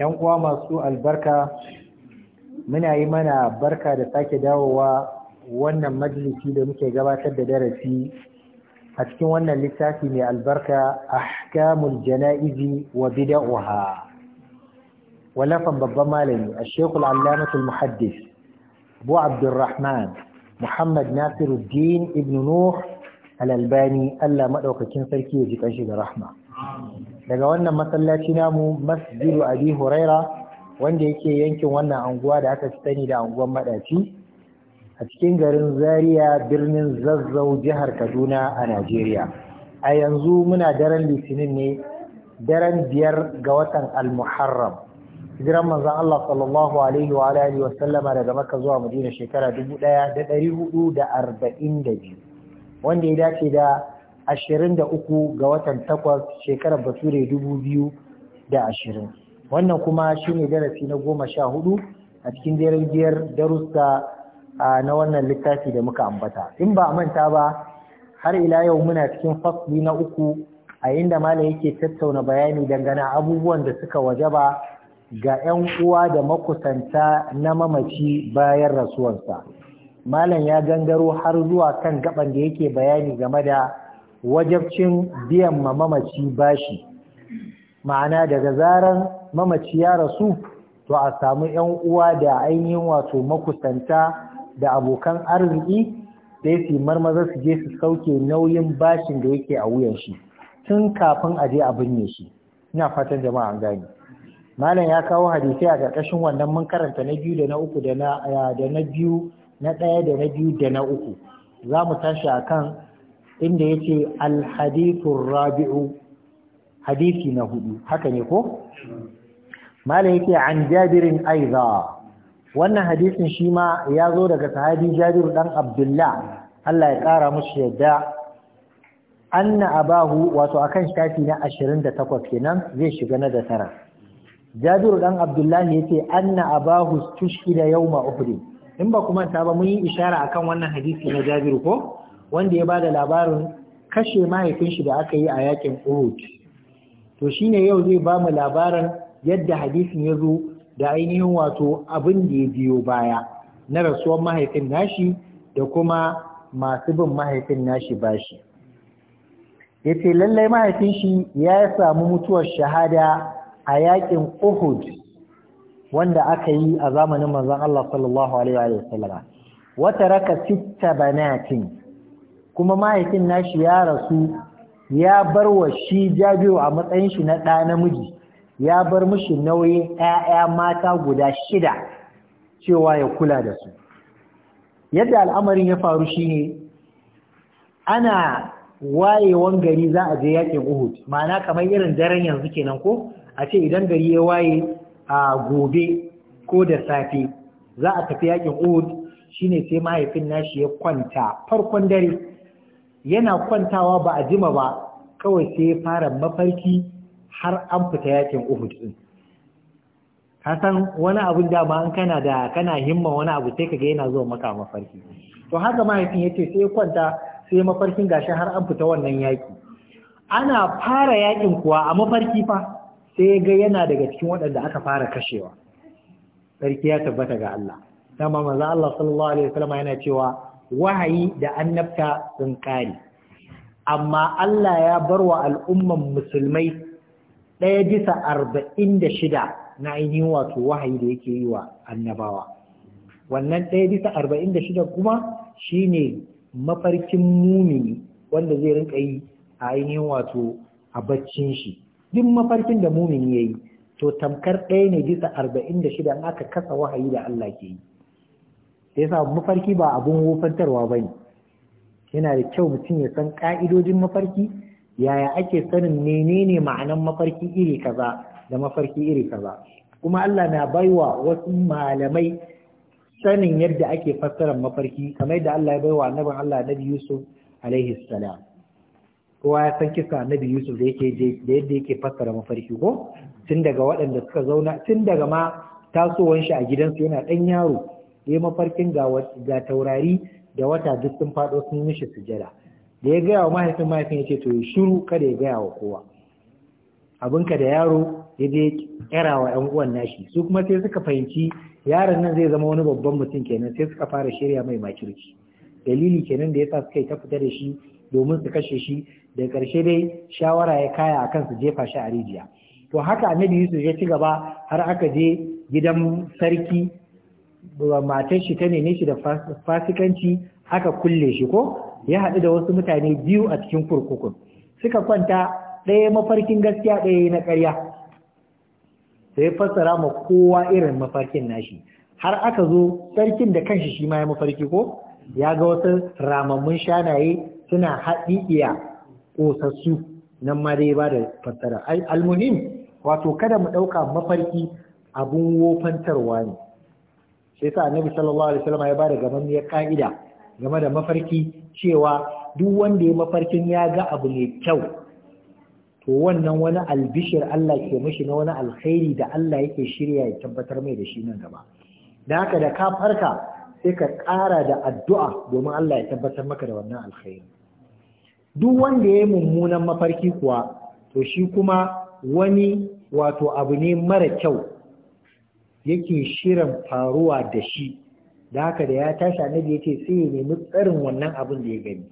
'yan uwa masu albarka muna yi mana barka da sake dawowa wannan majalisi da muke gabatar da darasi a cikin wannan littafi mai albarka ahkamul jana'izi wa bida'uha walafan babban malami a shaykh al muhaddis Abu Abdurrahman Muhammad Nasiruddin ibn Nuh al-Albani Allah maɗaukakin sarki ya ji kanshi da rahma daga wannan masallaci namu masjidu abi huraira wanda yake yankin wannan anguwa da aka fi sani da anguwan madaci a cikin garin zaria birnin zazzau jihar kaduna a najeriya a yanzu muna daren litinin ne daren biyar ga watan al-muharram hijiran manzon Allah sallallahu alaihi wa alihi wa sallama daga Makka zuwa Madina shekara 1442 wanda ya dace da ashirin da uku ga watan takwas shekarar bature dubu biyu da ashirin wannan kuma shine darasi na goma sha hudu a cikin jerin biyar darussa na wannan littafi da muka ambata in ba a manta ba har ila yau muna cikin fasli na uku a inda malam yake tattauna bayani dangane abubuwan da suka wajaba ga 'yan uwa da makusanta na mamaci bayan rasuwarsa malam ya gangaro har zuwa kan gaban da yake bayani game da wajabcin biyan ma mamaci bashi ma'ana daga zaran mamaci ya rasu to a samu ‘yan uwa da ainihin wato makusanta da abokan arziki sai su marmaza su je su sauke nauyin bashin da yake a wuyan shi tun kafin a je a binne shi ina fatan jama'a an gani malam ya kawo hadisai a ƙarƙashin wannan mun karanta na biyu da na uku da na da na biyu na ɗaya da na biyu da na uku za mu tashi akan inda yace alhadithur rabi'u hadisi na hudu haka ne ko malai yake an jabirin aiza wannan hadisin shi ma ya zo daga sahabi jabir dan abdullah Allah ya kara musu yadda anna abahu wato akan shafi na 28 kenan zai shiga na da tara jabir dan abdullah yace anna abahu yau yawma uhud in ba kuma ta ba mun yi ishara akan wannan hadisi na jabir ko wanda ya bada labarin kashe mahaifin shi da aka yi a yakin Uhud to shine yau zai ba mu labarin yadda hadisin ya zo da ainihin wato abin da ya biyo baya na rasuwar mahaifin nashi da kuma masu bin mahaifin nashi bashi ya ce lallai mahaifin shi ya samu mutuwar shahada a yakin Uhud wanda aka yi a zamanin manzon Allah sallallahu alaihi wa sallama wata raka sitta banatin kuma mahaifin nashi ya rasu ya bar wa shi jabiru a matsayin shi na ɗa namiji ya bar mishi nauyin ‘ya'ya mata guda shida cewa ya kula da su yadda al'amarin ya faru shi ne ana wayewan gari za a je yakin uhud ma'ana kamar irin daren yanzu kenan ko a ce idan gari ya waye a gobe ko da safe za a tafi yakin uhud shine sai mahaifin nashi ya kwanta farkon dare yana kwantawa ba a jima ba kawai sai ya fara mafarki har an fita yakin Uhud din ka san wani abun da ba kana da kana himma wani abu sai kaga yana zuwa maka mafarki to haka mahaifin yace sai kwanta sai mafarkin gashi har an fita wannan yaki ana fara yakin kuwa a mafarki fa sai ga yana daga cikin waɗanda aka fara kashewa sarki ya tabbata ga Allah dama manzo Allah sallallahu alaihi wasallam yana cewa wahayi da annabta sun kare amma Allah ya bar wa al'umman musulmai ɗaya bisa arba'in da shida na ainihin wato wahayi da yake yi wa annabawa wannan ɗaya bisa arba'in da shida kuma shine mafarkin mumini wanda zai rinka yi a ainihin wato a baccin shi duk mafarkin da mumini ya yi to tamkar ɗaya ne bisa arba'in da shida in aka kasa wahayi da Allah ke yi sai yasa mafarki ba abun wofantarwa ne. yana da kyau mutum ya san ƙa'idojin mafarki yaya ake sanin menene ma'anan mafarki iri kaza da mafarki iri kaza kuma Allah na baiwa wasu malamai sanin yadda ake fassarar mafarki kamar yadda Allah ya baiwa annabin Allah Nabi Yusuf alaihi salam kowa ya san kisa Nabi Yusuf da yake da yadda yake fassara mafarki ko tun daga waɗanda suka zauna tun daga ma tasowar shi a gidansu yana ɗan yaro ya eh, mafarkin ga taurari da wata duk sun faɗo sun mishi sujada da ya gaya wa mahaifin mahaifin ya ce to ya shiru kada ya gaya wa kowa abinka da yaro ya je kera wa ‘yan uwan nashi su kuma sai suka fahimci yaron nan zai zama wani babban mutum kenan sai suka fara shirya mai makirci dalili kenan da ya sa suka yi ta fita da shi domin su kashe shi da ƙarshe dai shawara ya kaya a su jefa shi a rijiya to haka annabi yusuf ya ci gaba har aka je gidan sarki matar shi ta nene shi da fasikanci aka kulle shi ko ya haɗu da wasu mutane biyu a cikin kurkukun suka kwanta ɗaya mafarkin gaskiya ɗaya na ƙarya sai fassara ma kowa irin mafarkin nashi har aka zo sarkin da kanshi shi ma ya mafarki ko ya ga wasu ramammun shanaye suna haɗi iya ƙosassu nan ma dai ba da fassara almuhim wato kada mu ɗauka mafarki abun wofantarwa ne sai sa annabi sallallahu alaihi wasallam ya bada gaban ya ka'ida game da mafarki cewa duk wanda ya mafarkin ya ga abu ne kyau to wannan wani albishir Allah ke mishi na wani alkhairi da Allah yake shirya ya tabbatar mai da shi nan gaba da haka da ka farka sai ka ƙara da addu'a domin Allah ya tabbatar maka da wannan alkhairi duk wanda ya yi mummunan mafarki kuwa to shi kuma wani wato abu ne mara kyau yake shirin faruwa da shi da haka da ya tashi annabi yace sai ya nemi tsarin wannan abin da ya gani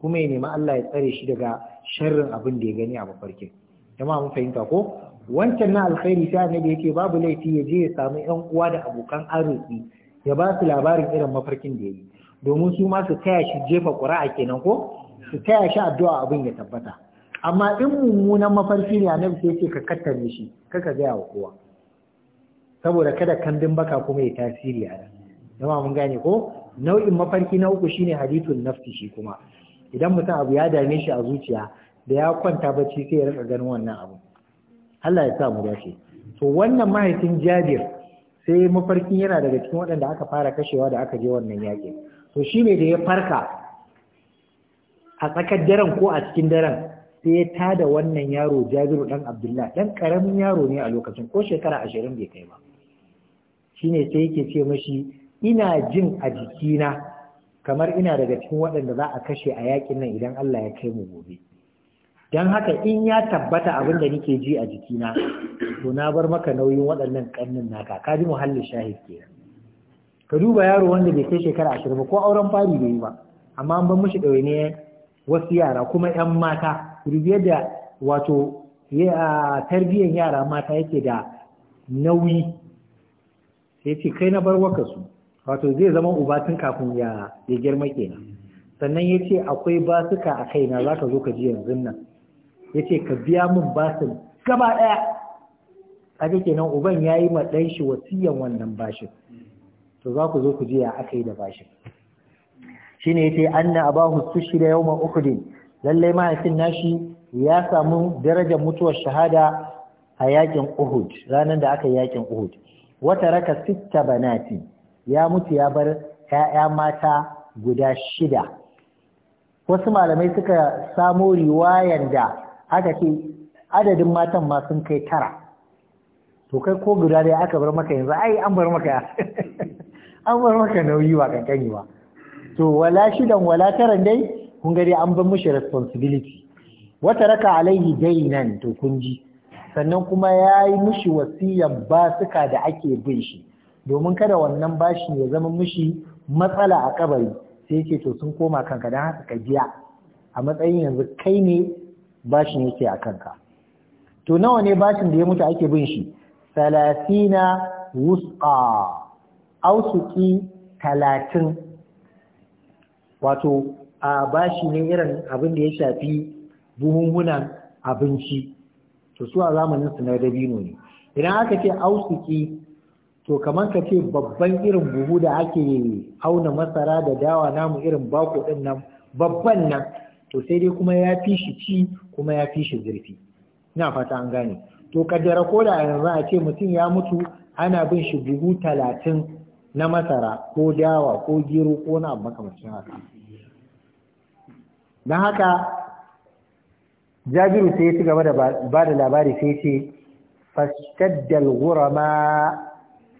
kuma ya nemi Allah ya tsare shi daga sharrin abin da ya gani a mafarkin jama'a mun fahimta ko wancan na alkhairi sai annabi yake babu laifi ya je ya samu yan uwa da abokan arziki ya ba su labarin irin mafarkin da ya yi domin su ma su taya shi jefa ƙura'a kenan ko su taya shi addu'a abin ya tabbata amma in mummunan mafarki ne annabi sai ce ka kattare shi kaka gaya wa kowa saboda kada kandin baka kuma ya tasiri a nan jama'a mun gane ko nau'in mafarki na uku shine hadithun nafsi shi kuma idan mutum abu ya dame shi a zuciya da ya kwanta bacci sai ya rika ganin wannan abu Allah ya sa mu dace to wannan mahaifin Jabir sai mafarkin yana daga cikin waɗanda aka fara kashewa da aka je wannan yaƙi to shi ne da ya farka a tsakar daren ko a cikin daren sai ya tada wannan yaro Jabiru dan Abdullah dan karamin yaro ne a lokacin ko shekara ashirin bai kai ba shine sai yake ce mashi ina jin a jikina kamar ina daga cikin waɗanda za a kashe a yakin nan idan Allah ya kai mu gobe don haka in ya tabbata abin da nake ji a jikina to na bar maka nauyin waɗannan ƙannin naka ka ji muhallin shahid kenan ka duba yaro wanda bai kai shekara ashirin ba ko auren fari bai yi ba amma an mashi mishi ɗawainiyar wasu yara kuma 'yan mata rubiyar da wato tarbiyyar yara mata yake da nauyi Ya ce kai na bar waka su wato zai zama uba tun kafin ya ya girma kenan sannan ya ce akwai basuka a kaina za ka zo ka ji yanzu nan ya ce ka biya min basin gaba ɗaya kaga kenan uban ya yi maɗan shi wasiyan wannan bashin to za ku zo ku ji ya aka yi da bashin Shi ne ya shine yace anna abahu da yawma Uhudin, lallai mahaifin nashi ya samu darajar mutuwar shahada a yakin uhud ranar da aka yi yakin uhud wata raka sitta banati ya mutu ya bar ‘ya'ya mata guda shida wasu malamai suka samo riwayan da aka ce adadin matan ma sun kai tara to kai ko guda dai aka bar maka yanzu ai an bar maka an bar maka nauyi ba kankani ba to wala shidan wala taran dai kun ga dai an bar mushi responsibility wata raka alaihi dainan to kun ji sannan kuma ya yi mushi wasiyan basuka da ake bin shi domin kada wannan bashi ya zama mishi matsala a kabari sai yake to sun koma kanka don haka ka biya a matsayin yanzu kai ne bashin yake a kanka to nawa ne bashin da ya mutu ake bin shi salasina wusa ausuki talatin wato a bashi ne irin abin da ya shafi buhunhunan abinci to su a zamanin su na dabino ne idan aka ce ausiki to kamar ka ce babban irin buhu da ake auna masara da dawa namu irin bako din nan babban nan to sai dai kuma ya fi shi ci kuma ya fi shi zurfi ina fata an gane to kaddara ko da yanzu a ce mutum ya mutu ana bin shi buhu talatin na masara ko dawa ko gero ko na makamashin haka don haka jabiru sai ya ci gaba da ba da labari sai ce fastaddal gurama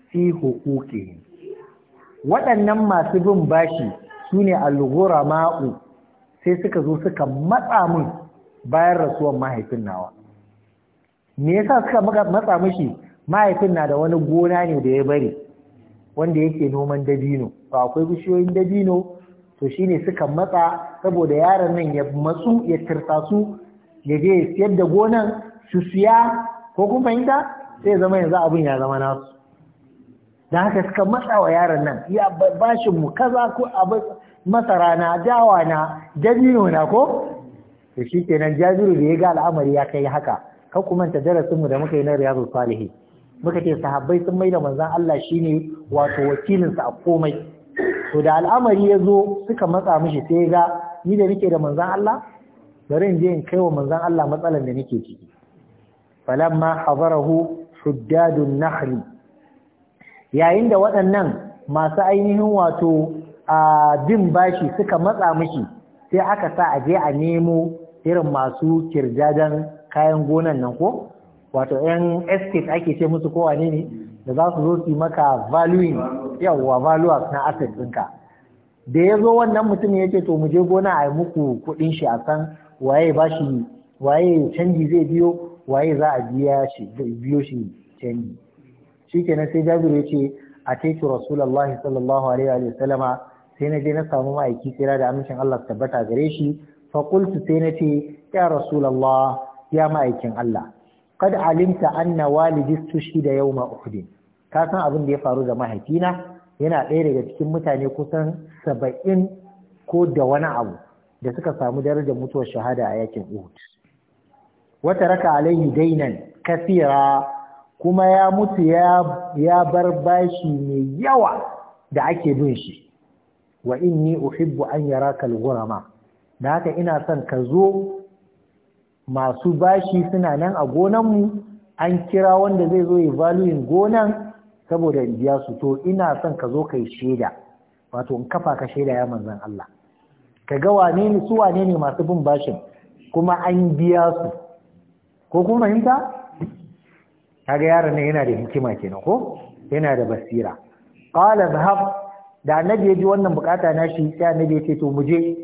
fi hukuki waɗannan masu bin bashi sune ne al-gurama'u sai suka zo suka matsa mun bayan rasuwan mahaifin nawa me yasa suka matsa mashi? mahaifin na da wani gona ne da ya bari wanda yake noman dabino to akwai bishiyoyin dabino to shine suka matsa saboda yaron nan ya matsu ya tirsasu ya je siyar da gonan su siya ko kuma fahimta sai zama yanzu abin ya zama nasu da haka suka matsa wa yaron nan ya bashin mu kaza ko abin masara na dawa na dabino na ko shi kenan jabiru da ya ga al'amari ya kai haka ka kuma ta darasin mu da muka yi na riyadu salihi muka ce sahabbai sun mai da manzan Allah shine wato wakilinsa a komai to da al'amari ya zo suka matsa mishi sai ga ni da nake da manzan Allah bari in je in kai wa manzon Allah matsalan da nake ciki falamma hadarahu huddadun nahli yayin da waɗannan masu ainihin wato a bin bashi suka matsa miki sai aka sa a je a nemo irin masu kirjajan kayan gonan nan ko wato yan estate ake ce musu ko wane ne da za su zo su maka valuing yawwa valuers na asset ɗinka da ya zo wannan mutum ya ce to mu je gona a yi muku kuɗin shi a san waye waye canji zai biyo waye za a biya shi biyo shi canji shikenan sai Jabiru yace ataitu rasulallah sallallahu alaihi wa sallama sai na je na samu ma'aiki tsira da amincin Allah tabbata gare shi fa qultu sai na ce ya Rasulallah! ya ma'aikin Allah kad alimta anna walidi tushhida yawma uhud ka san abin da ya faru da mahaifina yana ɗaya daga cikin mutane kusan saba'in ko da wani abu da suka samu darajar mutuwar shahada a yakin Uhud wata raka alaihi dainan kasira kuma ya mutu ya bar bashi mai yawa da ake bin shi wa inni uhibbu an yaraka al-ghurama da haka ina son ka zo masu bashi suna nan a gonan mu an kira wanda zai zo ya gonan saboda in biya su to ina son ka zo kai sheda wato in kafa ka shaida, ya manzon Allah ka ga wane ne su wane ne masu bin bashin kuma an biya su ko kuma fahimta kaga yaron nan yana da hikima kenan ko yana da basira qala zahab, da annabi ya ji wannan bukata na shi sai annabi ya ce to mu je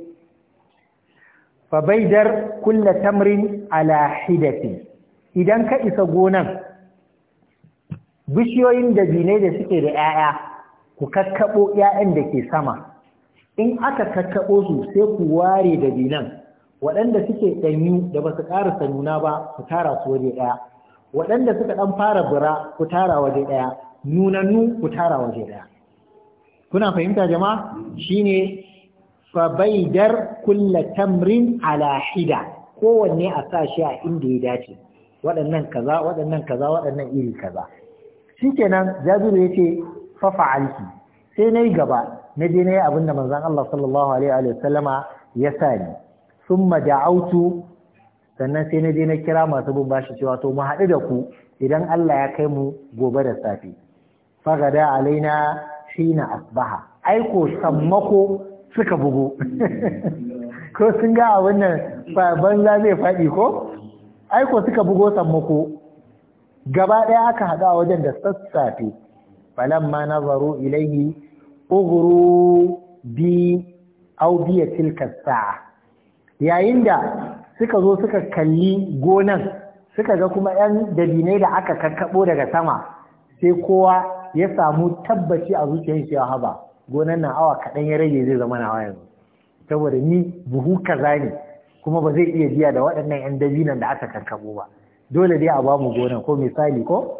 fa dar tamrin ala hidati idan ka isa gonan bishiyoyin da da suke da 'ya'ya ku kakkaɓo 'ya'yan da ke sama in aka kakkaɓo su sai ku ware da binan waɗanda suke ɗanyu da ba su ƙara nuna ba ku tara su waje ɗaya waɗanda suka ɗan fara bura ku tara waje ɗaya nunannu ku tara waje ɗaya kuna fahimta jama'a shine fabaidar kulla tamrin ala hida kowanne a sa shi a inda ya dace waɗannan kaza waɗannan kaza waɗannan iri kaza shikenan jabiru yace fa fa'alti sai nayi gaba na je ne abin da manzan Allah sallallahu alaihi wa ya sa ni Sun summa da'autu sannan sai na je na kira masu bin bashi cewa to mu haɗu da ku idan Allah ya kai mu gobe da safe fagada alaina shi na asbaha aiko sammako suka bugu ko sun ga abin nan banza zai faɗi ko aiko suka bugo sammako gaba ɗaya aka haɗu a wajen da sassafe falan ma nazaru ilaihi uguru bi au biya tilka sa'a yayin da suka zo suka kalli gonan suka ga kuma yan dabinai da aka kakkabo daga sama sai kowa ya samu tabbaci a zuciyar shi haba gonan nan awa kaɗan ya rage zai zama nawa yanzu saboda ni buhu kaza ne kuma ba zai iya biya da waɗannan yan dabinan da aka kakkabo ba dole dai a bamu gonan ko misali ko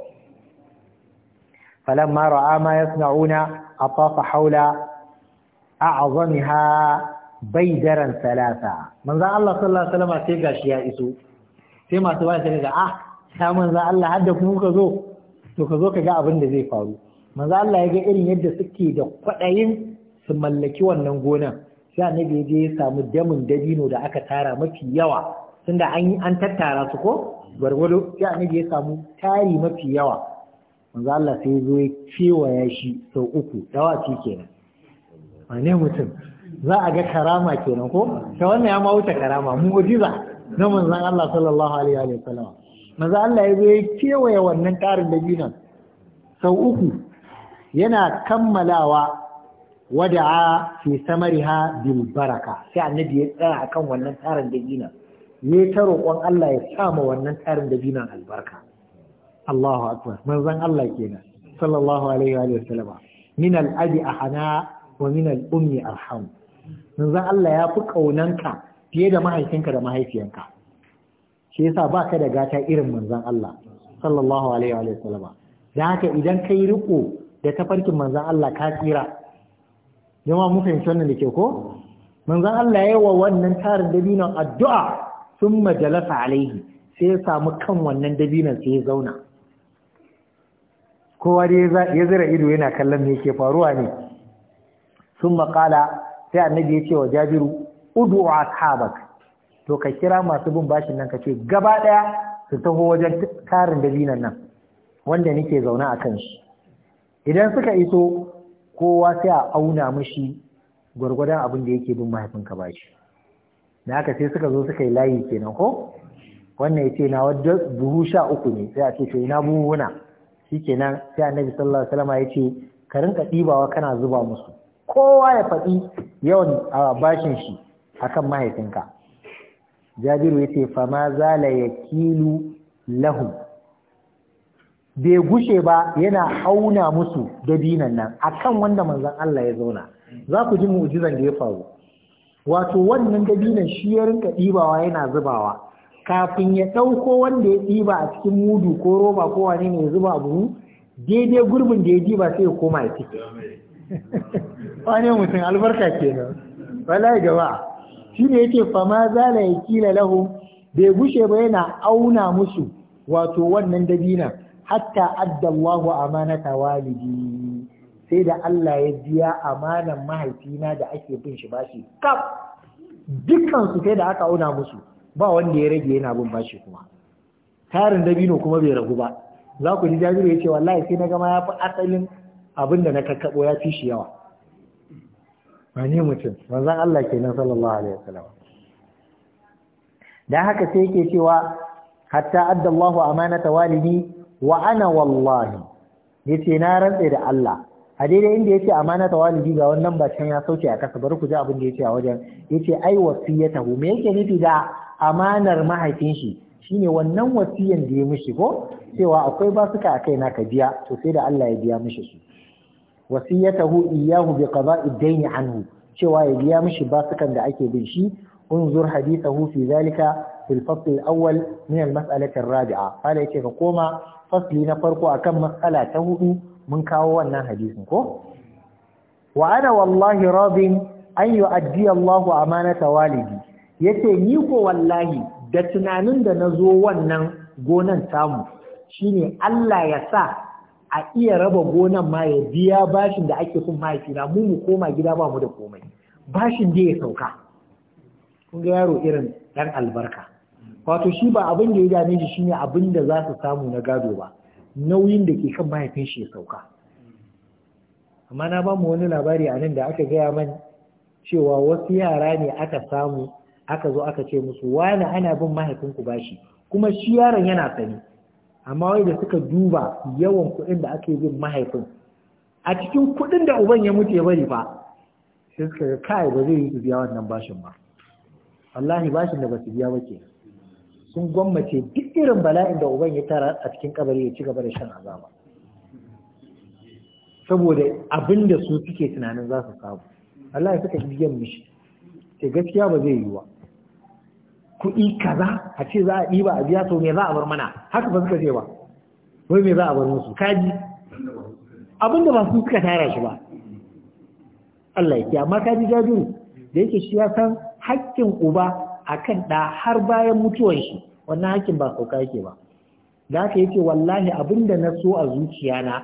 فلما راى ما يصنعون اطاف حول اعظمها بيدرا ثلاثه من ذا الله صلى الله عليه وسلم سي غاشي يا اسو سي ما سيما سي سيقى اه يا من ذا الله حد مو كزو تو كزو zo ka ga زي da من ذا الله Allah ya ga سكي دا قدايين da kwaɗayin su mallaki wannan gonan sai annabi ya je ya samu damin dabino da aka tara mafi yawa tunda an an tattara su ko gargwado sai annabi ya samu tari mafi yawa manzo Allah sai zo ya kewaya shi sau uku dawaci kenan wane mutum za a ga karama kenan ko ta wannan ya ma wuce karama mu'jiza na manzo Allah sallallahu alaihi wa sallam manzo Allah ya zo ya kewaye wannan tarin dabinan sau uku yana kammalawa wada'a fi samariha bil baraka sai annabi ya tsaya akan wannan tarin dabina ne ta roƙon Allah ya sa ma wannan tarin dabinan albarka Allahu akbar manzon Allah kenan sallallahu alaihi wa sallama min al-abi ahana wa min al-ummi arham manzon Allah ya fi kaunanka fiye da mahaifinka da mahaifiyanka shi yasa baka da gata irin manzon Allah sallallahu alaihi wa sallama da haka idan kai riko da tafarkin manzon Allah ka tsira jama mu fahimci wannan da ke ko manzon Allah ya yi wa wannan tarin dabinon addu'a tun majalasa alaihi sai ya samu kan wannan dabinon sai ya zauna kowa da ya zira ido yana kallon me ke faruwa ne sun makala sai annabi ya ce wa jabiru udu a kabak to ka kira masu bin bashin nan ka ce gaba ɗaya su taho wajen karin dabinan nan wanda nake zaune a kan shi idan suka iso kowa sai a auna mishi gwargwadon abin da yake bin mahaifinka bashi Na haka sai suka zo suka yi layi kenan ko wannan ya ce na wadda buhu sha uku ne sai a ce to ina na shikenan sai annabi sallallahu alaihi wasallam ya ce ka rinka ɗibawa kana zuba musu kowa ya faɗi yawan bashin shi akan mahaifinka jabiru ya ce fama zala yakilu lahu bai gushe ba yana auna musu dabinan nan akan wanda manzon Allah ya zauna za ku ji mu'jizan da ya faru wato wannan dabinan shi ya rinka ɗibawa yana zubawa kafin ya ɗauko wanda ya ɗiba a cikin mudu ko roba ko wani ne ya zuba buhu daidai gurbin da ya ɗiba sai ya koma ya ciki wane mutum albarka ke kenan wala gaba shi ne yake fama zala ya kila lahu bai gushe ba yana auna musu wato wannan dabina hatta addallahu amanata walidi sai da Allah ya biya amanan mahaifina da ake bin shi bashi kaf dukkan su sai da aka auna musu ba wanda ya rage yana bin bashi kuma tarin dabino kuma bai ragu ba za ku ji jabiru ya ce wallahi sai na gama ya fi asalin abin da na kakkaɓo ya fi shi yawa ba ne mutum manzan Allah nan sallallahu alaihi wasallam dan haka sai yake cewa hatta adda Allahu amanata walidi wa ana wallahi yace na rantse da Allah a daidai inda yace amanata walidi ga wannan ba ya sauke a kasa bari ku ji abin da yace a wajen yace ai wasiyatahu me yake nufi da amanar mahaifin shi shine wannan wasiyan da ya mishi ko cewa akwai basuka akai na ka biya to sai da Allah ya biya mishi su wasiyatahu iyyahu bi qada'i dayni anhu cewa ya biya mishi basukan da ake bin shi unzur hadithahu fi zalika fil fasl al-awwal min al-mas'alati ar-rabi'a fala yake ka koma fasli na farko akan mas'ala ta hudu mun kawo wannan hadisin ko wa ana wallahi rabin an yu'addi Allahu amanata walidi yace ni ko wallahi da tunanin da na zo wannan gonan tamu shine Allah ya sa a iya raba gonan ma ya biya bashin da ake kun mahaifina mu mu koma gida ba mu da komai bashin da ya sauka kun ga yaro irin dan albarka wato shi ba abin da ya gane shi shine abin da za su samu na gado ba nauyin da ke kan mahaifin shi ya sauka amma na ba mu wani labari a nan da aka gaya man cewa wasu yara ne aka samu aka zo aka ce musu wani ana bin mahaifinku bashi kuma shi yaron yana sani amma wai da suka duba yawan kuɗin da ake bin mahaifin a cikin kuɗin da uban ya mutu ya bari fa sai suka ga kai ba zai yi su biya wannan bashin ba wallahi bashin da ba su biya ba ke sun gwammace duk irin bala'in da uban ya tara a cikin kabari ya ci gaba da shan azaba saboda abin da su suke tunanin za su samu Wallahi suka biyan mishi sai gaskiya ba zai yi wa kuɗi kaza a ce za a ɗiba a biya to me za a bar mana haka ba suka ce ba wai me za a bar musu kaji abinda ba su suka tara shi ba Allah ya kiya amma kaji jaju da yake shi ya san haƙƙin uba akan ɗa har bayan mutuwan shi wannan haƙƙin ba sauka yake ba da haka yake wallahi abinda na so a zuciya na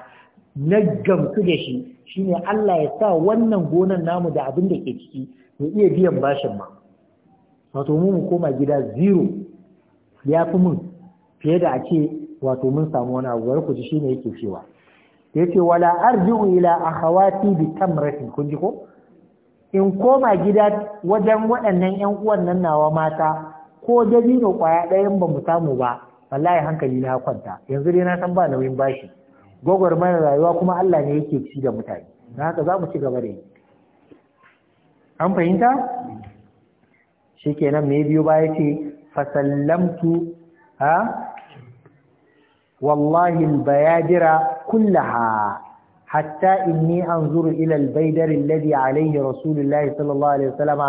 na gamsu da shi shine Allah ya sa wannan gonan namu da abin da ke ciki ya iya biyan bashin ma wato mu mu koma gida zero ya fi mun fiye da a ce wato mun samu wani abu wani ku ji shine yake cewa yace wala arji'u ila akhawati bi tamratin kun ji ko in koma gida wajen waɗannan 'yan uwan nan nawa mata ko dabino kwaya ɗayan ba mu samu ba wallahi hankali na kwanta yanzu dai na san ba nauyin bashi gwagwarmayar rayuwa kuma Allah ne yake ci da mutane na haka za mu ci gaba da yi an fahimta shikenan me biyu ba ce, fasallamtu ha wallahi albayadira kullaha hatta inni anzuru ila albaydar alladhi alayhi rasulullahi sallallahu alaihi wasallama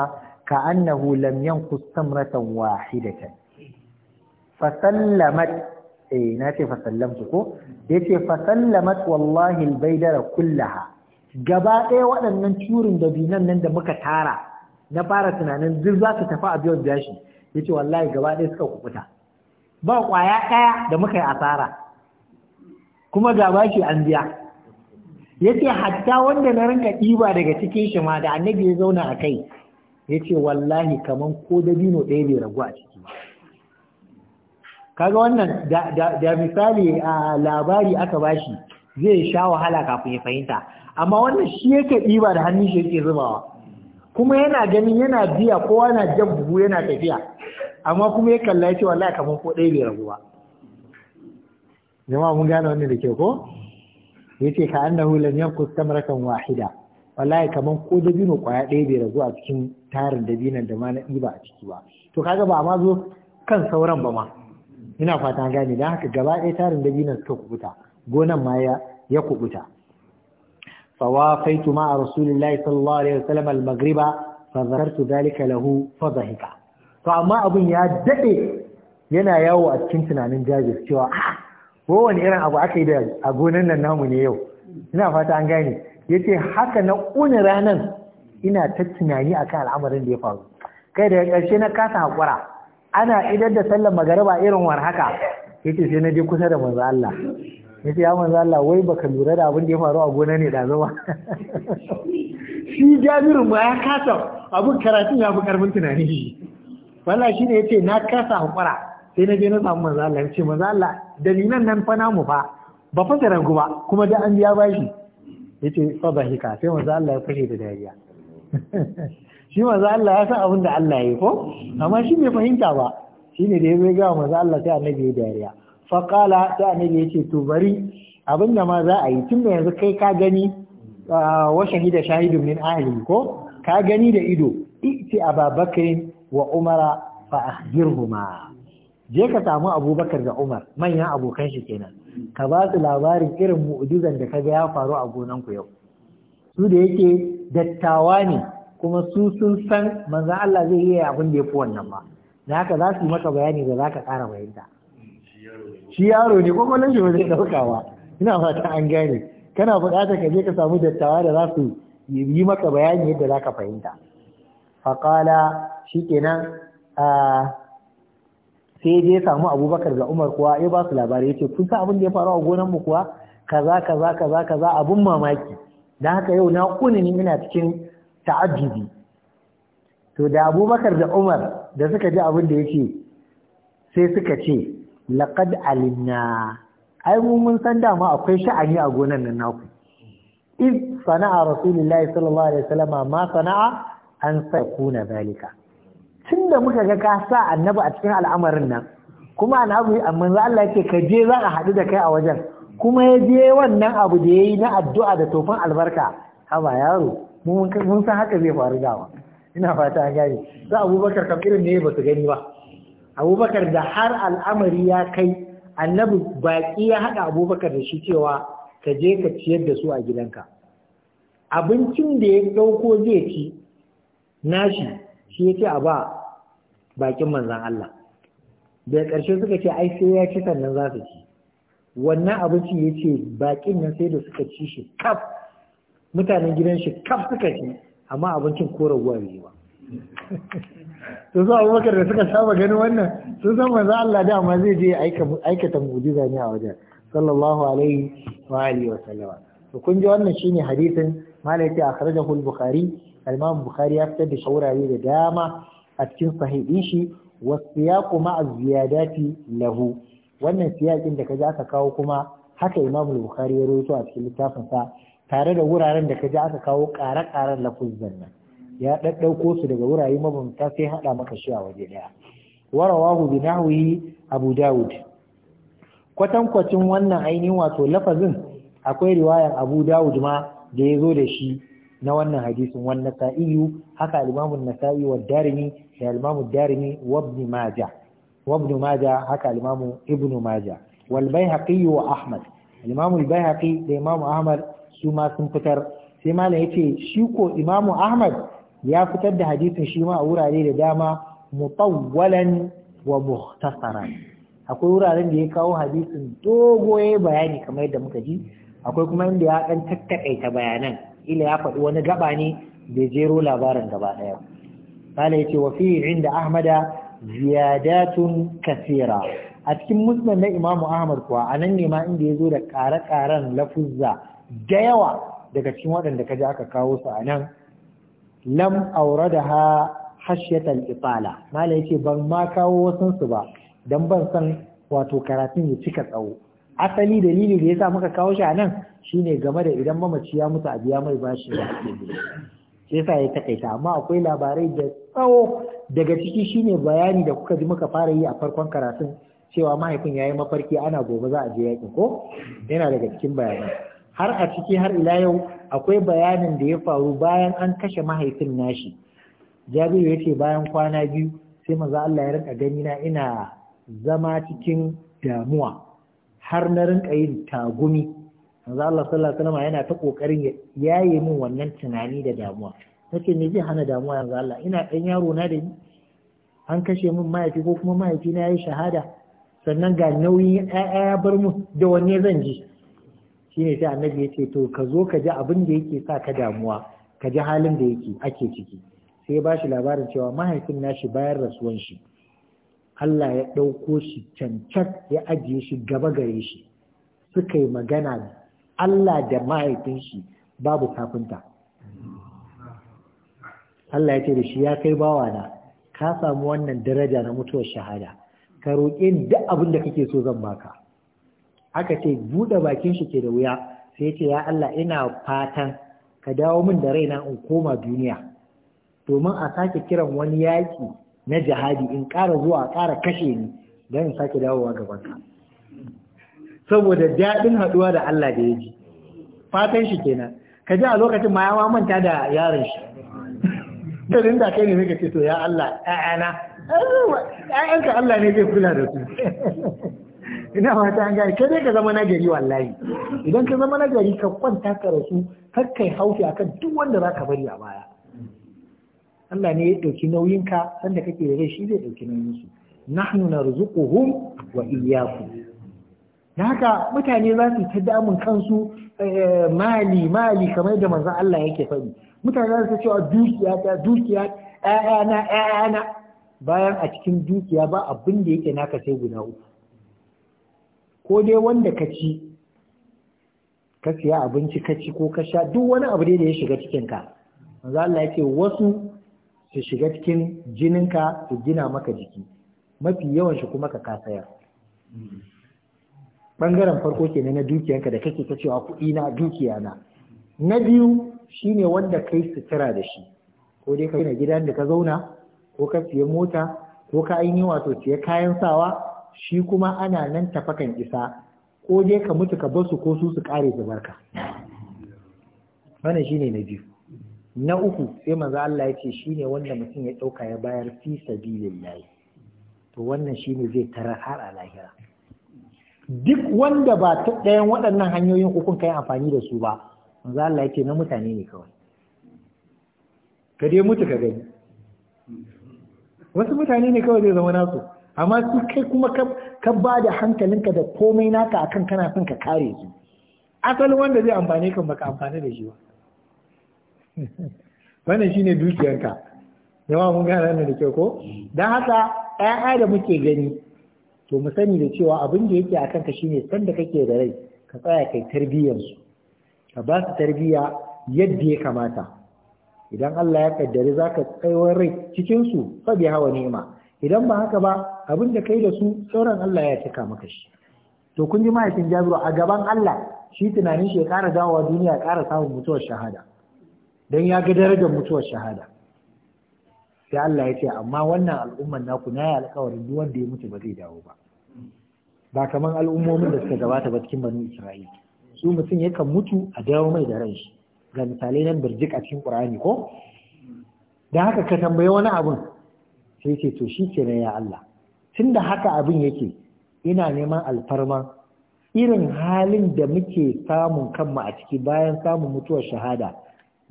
ka'annahu lam yanqus tamratan wahidatan fasallamat eh na ce fasallamtu ko yace fasallamat wallahi albaydara kullaha gaba ɗaya waɗannan curin dabinan nan da muka tara na fara tunanin duk za su tafi a biyan bashi ya ce wallahi gaba ɗaya suka kukuta ba ƙwaya ɗaya da muka yi asara kuma ga bashi an biya ya ce hatta wanda na rinka ɗiba daga cikin shi ma da annabi ya zauna a kai ya ce wallahi kamar ko dabino ɗaya bai ragu a ciki ba kaga wannan da misali a labari aka bashi zai sha wahala kafin ya fahimta amma wannan shi yake ɗiba da hannun shi yake zubawa kuma yana ganin yana biya kowa na jan buhu yana tafiya amma kuma ya kalla ya ce wallahi kaman ko dai bai ba. jama'a mun gane wannan da ke ko yace ka annahu lam yanqus tamratan wahida wallahi kaman ko dabino kwaya ɗaya bai ragu a cikin tarin dabinan da ma na iba a ciki ba to kaga ba ma zo kan sauran ba ma ina fata gane dan haka gaba ɗaya tarin dabinan suka kubuta gonan ma ya ya kubuta فوافيت مع رسول الله صلى الله عليه وسلم المغرب فذكرت ذلك له فضحك فأما أبن يا دقي yana yawo a cikin tunanin jajir cewa kowane irin abu aka yi da a gonan nan namu ne yau ina fata an gane ya ce haka na ƙuni ranar ina ta tunani a kan al'amarin da ya faru kai da ƙarshe na kasa haƙura ana idar da sallar magariba irin war haka ya ce sai na je kusa da manzo Allah ya ce ya manzo Allah wai baka lura da abin da ya faru a gona ne da zama shi jabiru ma ya kasa abin karatun ya fi karfin tunani wala shi ne ya ce na kasa hukura sai na je na samu manzo Allah ya ce manzo Allah dalilan nan fa namu fa ba fa da ba kuma da an biya bashi ya ce fa ba hika sai manzo Allah ya fashe da dariya shi manzo Allah ya san abin da Allah ya yi ko amma shi bai fahimta ba ne da ya zo ya ga manzo Allah sai annabi ya dariya faƙala ta annabi ya ce to bari abin da ma za a yi tun da yanzu kai ka gani wa shahida shahidun min ahli ko ka gani da ido iti ababakarin wa umara fa akhbirhuma je ka samu abubakar da umar manyan abokan shi kenan ka ba su labarin irin mu'jizan da kaga ya faru a gonan ku yau su da yake dattawa ne kuma su sun san manzan Allah zai yi abin da ya fi wannan ba da haka za su yi maka bayani da za ka ƙara bayanta shi yaro ne kwakwalon shi ba zai ɗaukawa ina fata an gane kana buƙatar ka je ka samu dattawa da za su yi maka bayani yadda za ka fahimta faƙala shi kenan sai je samu abubakar da umar kuwa ya ba su labarai ya ce kun sa abin da ya faru a gonan mu kuwa kaza kaza kaza kaza abun mamaki don haka yau na kuni ni ina cikin ta'ajjubi to da abubakar da umar da suka ji abin da yake sai suka ce laƙad alimna ai mu mun san dama akwai sha'ani a gonan nan naku In sana'a rasulullahi sallallahu alaihi wasallam ma sana'a an kuna zalika tunda muka ga ka sa annabi a cikin al'amarin nan kuma annabi za Allah yake ka je za a haɗu da kai a wajen kuma ya je wannan abu da yayi na addu'a da tofin albarka haba yaro mun san haka zai faru dawa ina fata an gane za abubakar kafirin irin ne ba su gani ba abubakar da har al'amari ya kai annabi baƙi ya haɗa abubakar da shi cewa ka je ka ciyar da su a gidanka abincin da ya ɗauko zai ci nashi shi ya ce a ba baƙin manzan Allah da ƙarshe suka ce ai sai ya ci sannan za su ci wannan abinci ya ce bakin nan sai da suka ci shi kaf mutanen gidan shi kaf suka ci amma abincin ko raguwa ba to su abubakar da suka saba ganin wannan sun san manzo Allah da zai je aikata mu'jiza ne a wajen sallallahu alaihi wa alihi wa sallama to kun ji wannan shine hadisin ta akhrajahu al-bukhari al-imam bukhari ya fitar da shawarare da dama a cikin sahihin shi wa siyaqu ma'a ziyadati lahu wannan siyakin da kaje aka kawo kuma haka imam al-bukhari ya rawaito a cikin littafin sa tare da wuraren da kaje aka kawo ƙare-ƙaren lafuzan nan ya ɗaɗɗauko su daga wurare mabambanta sai haɗa maka shi a waje ɗaya warawahu bi abu dawud kwatankwacin wannan ainihin wato lafazin akwai riwayar abu dawud ma da ya zo da shi na wannan hadisin wan nasa'iyu haka al-imamu an-nasa'i wa darimi da al-imamu darimi wa ibn ibn haka al-imamu ibn wal baihaqi wa ahmad al-imamu al da imamu ahmad su ma sun fitar sai malam yace shi ko imamu ahmad ya fitar da hadisin shi ma a wurare da dama mutawwalan wa mukhtasaran akwai wuraren da ya kawo hadisin dogo ya bayani kamar yadda muka ji akwai kuma inda ya dan tattakaita bayanan ila ya faɗi wani gaba ne da jero labarin gaba ɗaya kala yace wa fi inda ahmada ziyadatun kathira a cikin musnad na imamu ahmad kuwa anan ne ma inda ya zo da ƙare-ƙaren lafuzza da yawa daga cikin waɗanda ka ji aka kawo su a nan lam auradaha hashiyatal itala mala yace ban ma kawo wasan su ba dan ban san wato karatun ya cika tsawo asali dalili da yasa muka kawo shi a nan shine game da idan mamaci ya mutu a biya mai bashi da ake bi sai ya takaita amma akwai labarai da tsawo daga ciki shine bayani da kuka ji muka fara yi a farkon karatun cewa mahaifin yayi mafarki ana gobe za a je yakin ko yana daga cikin bayanan har a ciki har ila yau akwai bayanin da ya faru bayan an kashe mahaifin nashi jabiru ya ce bayan kwana biyu sai maza Allah ya rinka gani na ina zama cikin damuwa har na rinka yin tagumi maza Allah sallallahu alaihi yana ta kokarin ya yi min wannan tunani da damuwa nake ne zai hana damuwa yanzu Allah ina ɗan yaro na da ni an kashe min mahaifi ko kuma mahaifi na yi shahada sannan ga nauyin ya bar mu da wanne zan ji shine sai annabi ya ce to ka zo ka ji abin da yake sa ka damuwa ka ji halin da yake ake ciki sai ba shi labarin cewa mahaifin nashi bayan rasuwan shi Allah ya ɗauko shi cancan ya ajiye shi gaba gare shi suka yi magana Allah da mahaifin shi babu kafinta Allah ya ce da shi ya kai bawa na. ka samu wannan daraja na mutuwar shahada ka roƙi ni duk abin da kake so zan baka aka ce buɗe bakin shi ke da wuya sai ce ya Allah ina fatan ka dawo min da raina in koma duniya domin a sake kiran wani yaƙi na jihadi in ƙara zuwa ƙara kashe ni don in sake dawowa gaban ka saboda daɗin haɗuwa da Allah da ya ji fatan shi kenan ka ji a lokacin ma ya manta da yaron shi da da kai ne muka ce to ya Allah ƴaƴana ƴaƴanka Allah ne zai kula da su ina fata an gane kai dai ka zama nagari wallahi idan ka zama nagari ka kwanta ka rasu kar kai haufi akan duk wanda za ka bari a baya Allah ne ya dauki nauyin ka sanda kake da rai shi zai dauki nauyin su nahnu narzuquhum wa iyyakum da haka mutane za su ta damun kansu eh, mali mali kamar da manzon Allah yake faɗi mutane za su cewa dukiya ta dukiya ƴaƴana ƴaƴana bayan a cikin dukiya ba abin da yake naka sai guda uku ko dai wanda ka ci ka siya abinci ka ci ko ka sha duk wani abu dai da ya shiga cikin ka manzo Allah ya ce wasu su shiga cikin jininka su gina maka jiki mafi yawan shi kuma ka kasayar bangaren farko kenan na dukiyanka da kake ka cewa kuɗi na dukiya na na biyu shine wanda kai sutura da shi ko dai ka gina gidan da ka zauna ko ka siya mota ko ka ainihin wato siya kayan sawa shi kuma ana nan tafakan isa ko je ka mutu ka basu ko su su kare su barka wannan shine na biyu na uku sai manzo Allah ya ce shine wanda mutum ya dauka ya bayar fi sabilillahi to wannan shine zai tara har a lahira duk wanda ba ta ɗayan waɗannan hanyoyin ukun kai amfani da su ba manzo Allah ya ce na mutane ne kawai ka dai mutu ka gani wasu mutane ne kawai zai zama nasu amma su kai kuma ka ba da hankalinka da komai naka akan kana son ka kare su asalin wanda zai amfane ka baka amfani da shi ba wannan shine dukiyarka yawa mun gane nan da kyau ko dan haka ƴaƴa da muke gani to mu sani da cewa abin da yake akan ka shine san da kake da rai ka tsaya kai tarbiyyar su ka ba su tarbiyya yadda ya kamata idan Allah ya kaddari zaka tsayawar rai cikin su fa bi hawa ni'ima idan ba haka ba abin da kai da su sauran Allah ya cika maka shi to kun ji mahaifin Jabiru a gaban Allah shi tunanin shi ya ƙara dawowa duniya ya ƙara samun mutuwar shahada don ya ga darajar mutuwar shahada sai Allah ya ce amma wannan al'umman naku na yi alkawarin duk wanda ya mutu ba zai dawo ba ba kamar al'ummomin da suka gabata ba cikin banu Isra'ila su mutum yakan mutu a dawo mai da ran shi ga misalai nan birjik a cikin ƙur'ani, ko da haka ka tambayi wani abun sai ce to shi kenan ya Allah Tun da haka abin yake ina neman alfarma irin halin da muke samun kanmu a ciki bayan samun mutuwar shahada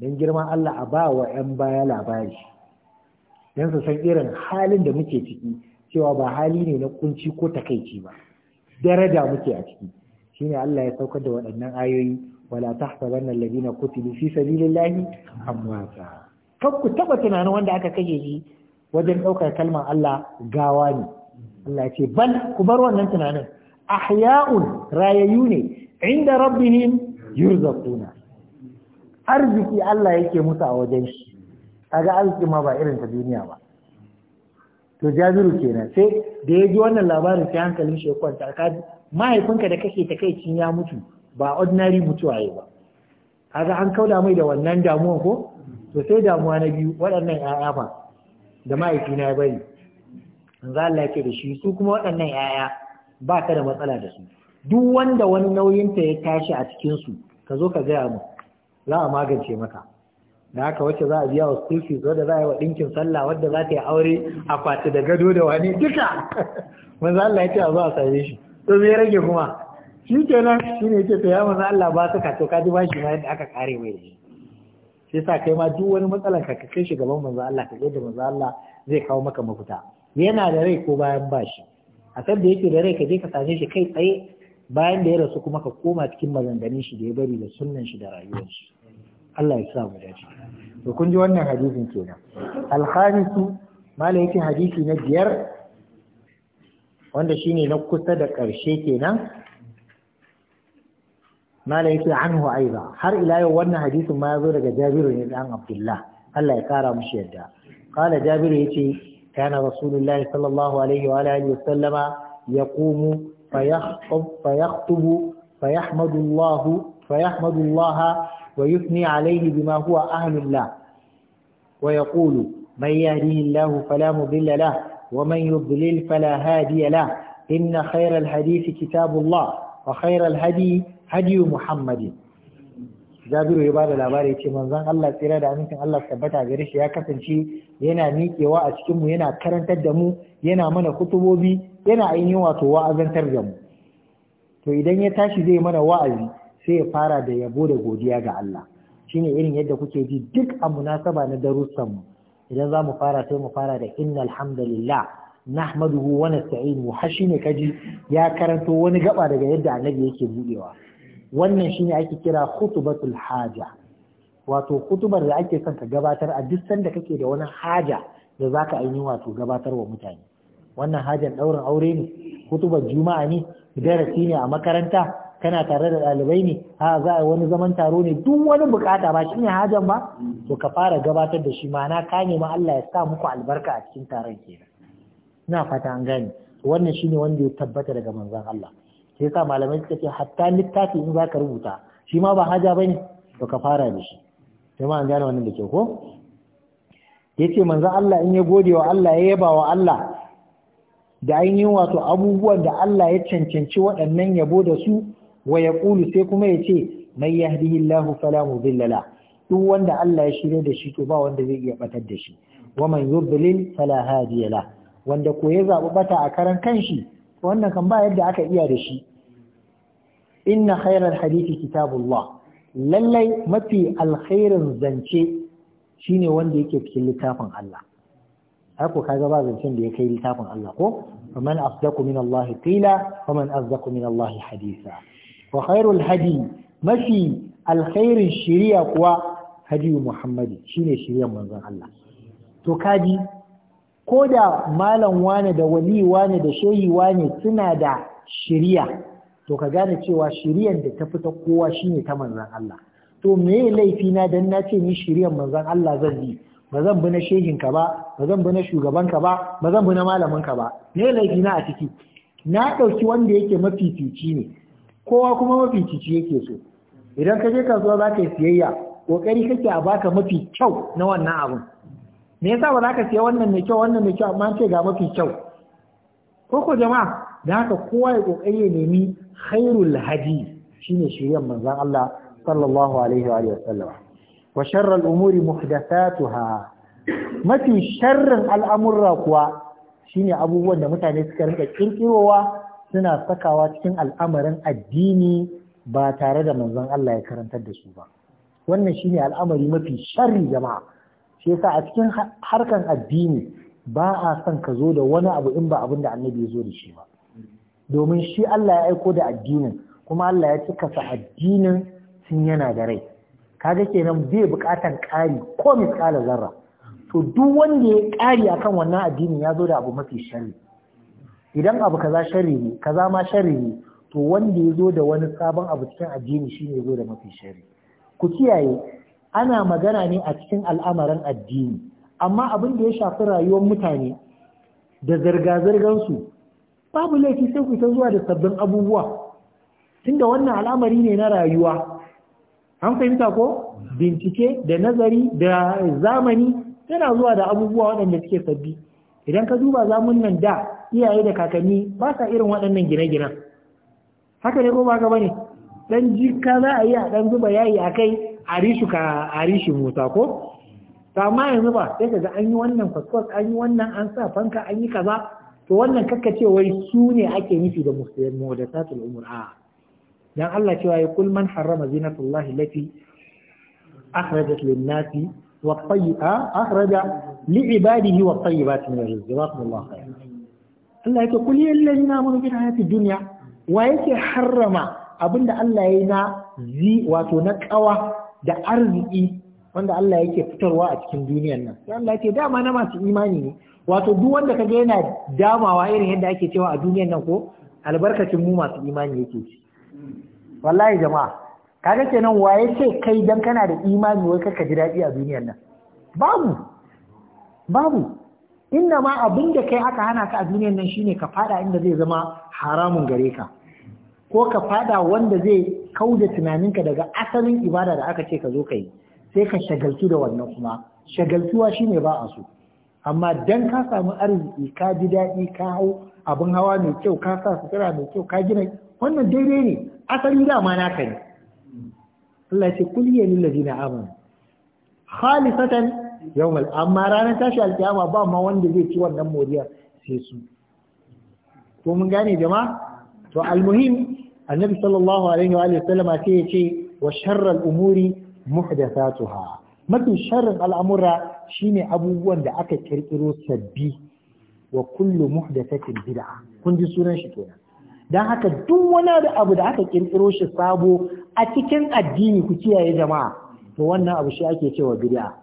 don girma Allah a ba wa 'yan baya labari don su san irin halin da muke ciki cewa ba hali ne na kunci ko takaici ba daraja muke a ciki shine Allah ya saukar da waɗannan ayoyi wala ta Labina alladhina qutilu fi sabilillahi amwata kar ku taɓa tunanin wanda aka kashe shi wajen ɗaukar kalmar Allah gawa ne Allah ce bal ku bar wannan tunanin ahya'un rayayu ne inda rabbihim yurzaquna arziki Allah yake musu a wajen shi kaga arziki ma ba irin ta duniya ba to jabiru kenan sai da ya ji wannan labarin sai hankalin shi ya kwanta ka mahaifinka da kake takaicin ya mutu ba ordinary mutuwa ba kaga an kauda mai da wannan damuwa ko to sai damuwa na biyu waɗannan 'ya'ya ba da mahaifina ya bari za Allah yake da shi su kuma waɗannan 'ya'ya ba ta da matsala da su duk wanda wani nauyinta ya tashi a cikin su ka zo ka gaya mu za a magance maka da haka wacce za a biya wa school fees wadda za a yi wa ɗinkin sallah wadda za ta yi aure a kwace da gado da wani duka manzo Allah ya ce a zo a same shi to me rage kuma shi kenan shine yake ta, ya manzo Allah ba su ka to ka ji ba shi ma yadda aka kare mai da shi shi yasa kai ma duk wani matsalar ka kai shi gaban manzo Allah ka je da manzo Allah zai kawo maka mafita yana da rai ko bayan ba shi a san da yake da rai ka je ka same shi kai tsaye bayan da ya rasu kuma ka koma cikin maganganun shi da ya bari da sunnan shi da rayuwar shi Allah ya sa mu dace to kun ji wannan hadisin kenan al-khamisu malaikin hadisi na biyar wanda shine na kusa da karshe kenan mala yake anhu aiba har ila yau wannan hadisin ma yazo daga Jabiru ne an Abdullah Allah ya kara mushi yadda kala Jabiru ya yace kana Rasulullahi sallallahu alaihi wa alihi wasallama yaqumu fayakhutub fayakhtubu wa yuthni alaihi bima huwa ahlu Allah wa yaqulu mai yahdihi Allah fala mudilla lahu wa man yudlil fala hadiya lahu inna khayra hadisi hadith kitabullah وخير الهدي هدي محمد Jabiru ya bada labari ce manzon Allah tsira da amincin Allah tabbata gare shi ya kasance yana miƙewa a cikin mu yana karantar da mu yana mana kutubobi yana ainihin wato wa'azantar da mu to idan ya tashi zai mana wa'azi sai ya fara da yabo da godiya ga Allah shine irin yadda kuke ji duk a munasaba na darussan mu idan za mu fara sai mu fara da innal hamdalillah nahmaduhu wa nasta'inuhu har shine kaji ya karanto wani gaba daga yadda annabi yake budewa wannan shine ake kira khutbatul haja wato khutbar da ake son ka gabatar a duk sanda kake da wani haja da zaka ainihin wato gabatar wa mutane wannan hajan daurin aure ne khutbar juma'a ne darasi ne a makaranta kana tare da ɗalibai ne ha za a wani zaman taro ne duk wani bukata ba shine hajan ba to ka fara gabatar da shi ma'ana ka nema Allah ya sa muku albarka a cikin taron kenan ina fata an gane wannan shine wanda ya tabbata daga manzon Allah sai yasa malamai suka ce hatta littafi in zaka rubuta shi ma ba haja bane to ka fara da shi sai ma an gane wannan da ke ko yace manzon Allah in ya gode wa Allah ya yaba wa Allah da ainihin wato abubuwan da Allah ya cancanci waɗannan yabo da su wa ya ƙulu sai kuma ya ce mai Allahu fala mudilla duk wanda Allah ya shirya da shi to ba wanda zai iya batar da shi wa man yudlil fala hadiya la wanda ko ya zaɓi bata a karan kanshi wannan kan ba yadda aka iya da shi inna khairal hadithi kitabullah lallai mafi alkhairin zance shine wanda yake cikin littafin Allah har ko kaga ba zancen da ya kai littafin Allah ko faman asdaqu min Allah qila faman asdaqu min Allah haditha wa khairul hadi mafi alkhairin shiriya kuwa hadiyu muhammadi shine shiriyar manzon Allah to kaji ko da malam wane da wali wane da shehi wane suna da shirya to ka gane cewa shiryan da ta fita kowa shine ta manzan Allah to me laifi na dan na ce ni shiryan manzan Allah zan bi ba zan bi na shehin ka ba ba zan bi na shugaban ka ba ba zan bi na malamin ka ba me laifi na a ciki na dauki wanda yake mafifici ne kowa kuma mafifici yake so idan ka je kasuwa za ka yi siyayya ƙoƙari kake a baka mafi kyau na wannan abun me yasa ba za ka siya wannan mai kyau wannan mai kyau amma ce ga mafi kyau ko ko jama'a da haka kowa ya kokari ya nemi khairul hadi shine shiryan manzon Allah sallallahu alaihi wa sallam wa sharral umuri muhdathatuha mafi sharrin al'amurra kuwa shine abubuwan da mutane suka rinka kirkirowa suna sakawa cikin al'amarin addini ba tare da manzon Allah ya karantar da su ba wannan shine al'amari mafi sharri jama'a shi yasa a cikin harkan addini ba a son ka zo da wani abu in ba abin da annabi ya zo da shi ba domin shi Allah ya aiko da addinin kuma Allah ya cika sa addinin sun yana da rai kaga kenan bai bukatan ƙari ko misƙala zarra to duk wanda ya ƙari akan wannan addinin ya zo da abu mafi sharri idan abu kaza sharri ne kaza ma sharri ne to wanda ya zo da wani sabon abu cikin addini shine ya zo da mafi sharri ku kiyaye ana magana ne a cikin al'amarin addini amma abin da ya shafi rayuwar mutane da zirga-zirgansu babu laifi sai ku ta zuwa da sabbin abubuwa tunda wannan al'amari ne na rayuwa an fahimta ko bincike da nazari da zamani tana zuwa da abubuwa waɗanda suke sabbi idan ka duba zamun nan da iyaye da kakanni ba sa irin waɗannan gine-ginen haka ne ko ba ka bane dan jika za a yi a dan zuba yayi a kai arishu ka arishi musa ko to amma yanzu ba sai kaga an yi wannan kwaskwas an yi wannan an sa fanka an yi kaza to wannan kakka ce wai su ne ake nufi da muhdathatul umur a dan Allah cewa ya kul man harrama zinatullahi lati akhrajat lin-nasi wa tayyiba akhraja li'ibadihi wa tayyibati min rizqi jazakumullahu khairan Allah ya yake kul ya allazina amanu bil hayati dunya wa yake harrama abinda Allah yayi na zi wato na kawa da arziki wanda Allah yake fitarwa a cikin duniyar nan sai Allah yake dama na masu imani ne wato duk wanda ka ga yana damawa irin yadda ake cewa a duniyar nan ko albarkacin mu masu imani yake ci wallahi jama'a kaga kenan waye ce kai dan kana da imani wai kaka ji daɗi a duniyar nan babu babu inna ma abin da kai aka hana ka a duniyar nan shine ka fada inda zai zama haramun gare ka ko ka fada wanda zai kauda tunaninka daga asalin ibada da aka ce ka zo ka yi sai ka shagaltu da wannan kuma shagaltuwa shine ba a so amma dan ka samu arziki ka ji daɗi ka hau abin hawa mai kyau ka sa sutura mai kyau ka gina wannan daidai ne asali dama naka ne Allah ce kul ya lil ladina amanu khalisatan yawmal amma ranar tashi alkiyama ba ma wanda zai ci wannan moriya sai su ko mun gane jama'a to almuhim annabi sallallahu alaihi wa sallama sai ya ce wa sharral umuri muhdathatuha mafi sharrin al'amura shine abubuwan da aka kirkiro sabbi wa kullu muhdathatin bid'a kun ji sunan shi kenan dan haka duk wani abu da aka kirkiro shi sabo a cikin addini ku kiyaye jama'a to wannan abu shi ake cewa bid'a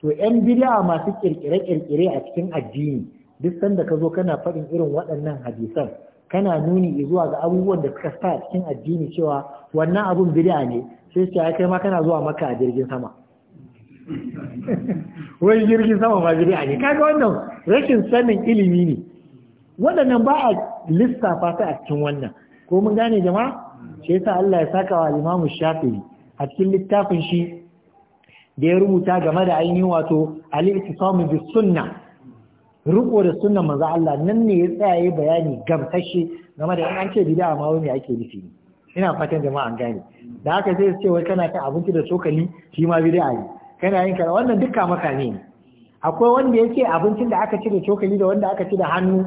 to yan bid'a masu kirkire-kirkire a cikin addini duk sanda ka zo kana faɗin irin waɗannan hadisan kana nuni zuwa ga abubuwan da suka sa cikin addini cewa wannan abun bid'a ne sai ce ya kai ma kana zuwa maka a jirgin sama wai jirgin sama ma bid'a ne kaga wannan rashin sanin ilimi ne waɗannan ba a lissafa ta a cikin wannan ko mun gane jama'a shi yasa Allah ya saka wa Imam Shafi'i a cikin littafin shi da ya rubuta game da ainihin wato al-ittisam bis sunnah riko da sunan manzo Allah nan ne ya tsaya bayani gamtashi game da an ce bid'a ma wani ake nufi ina fatan jama'a an gane da haka sai ce wai kana ta abinci da cokali shi ma bid'a ne kana yin kaza wannan duka maka ne akwai wanda yake abincin da aka ci da cokali da wanda aka ci da hannu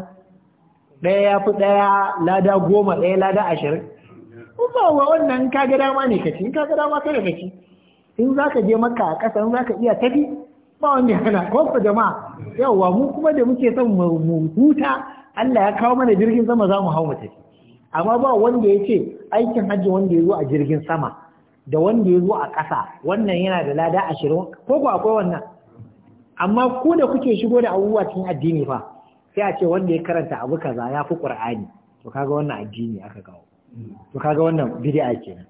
daya ya fi daya lada goma daya lada ashirin kuma wa wannan ka ga dama ne ka ci, in ka ga dama kada ci in zaka je maka a ƙasa in zaka iya tafi ba wanda ya hana ko jama'a wa mu kuma da muke son mu huta Allah ya kawo mana jirgin sama za mu hau mu tafi amma ba wanda ya ce aikin hajji wanda ya zo a jirgin sama da wanda ya zo a ƙasa wannan yana da lada ashirin ko ku akwai wannan amma ku da kuke shigo da abubuwa cikin addini fa sai a ce wanda ya karanta abu kaza ya fi qur'ani to kaga wannan addini aka kawo to kaga wannan bid'a kenan